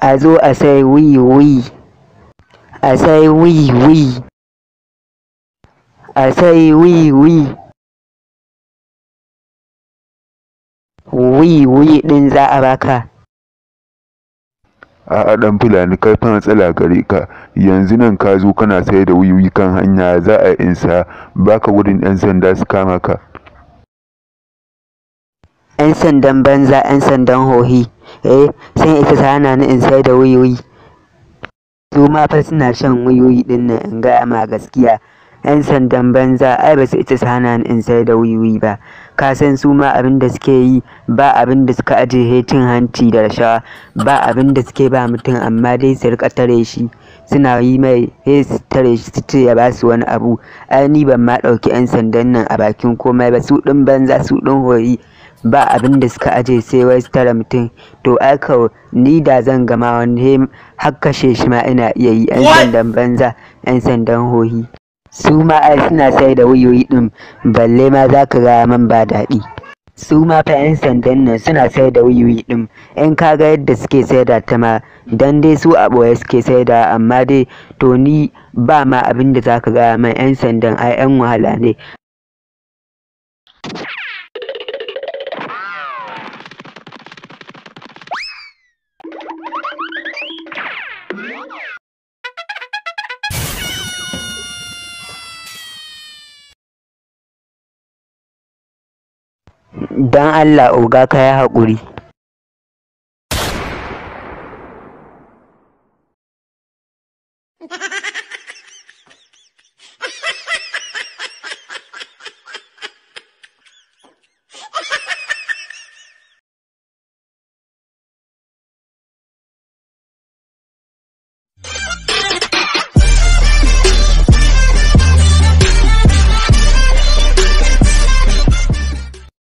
a zo a sai wuyi a sai wiwi a sai wiwi wiwi ɗin za a baka a'a ɗan fulani kai fa matsala gare ka yanzu nan ka zo kana sai da wuyi kan hanya za a insa baka gudun yan sanda su kama ka yan sandan banza yan sandan hohi eh sun isa hana ni in sayar da wuyoyi su ma fa suna shan wuyoyi dinnan nan in ga, ma gaskiya yan sandan banza ai ba su isa ta hana ni in sayar da wuyoyi ba ka san su ma abin da suke yi ba abin da suka ajiye cin hanci da rashawa ba abin da suke ba mutum amma dai su rika tare shi suna yi mai he su tare shi su ce ya ba su wani abu ai ni ban ma ɗauki yan sandan nan a bakin komai ba su ɗin banza su ɗin hori ba abin da suka aje sai wai su mutum to ai ka ni da zan gama wani har kashe shi ma ina iya yi yan sandan banza yan sandan hohi su ma ai suna sai da wuyoyi din balle ma za ka ga man ba daɗi su ma fa 'yan sandan nan suna sai da wuyoyi din in kaga yadda suke sai da ta ma dan dai su a ɓoye suke sai da amma dai to ni ba ma abin da za ka gaya man 'yan sandan ai 'yan wahala ne Dan Allah oga ka yi haƙuri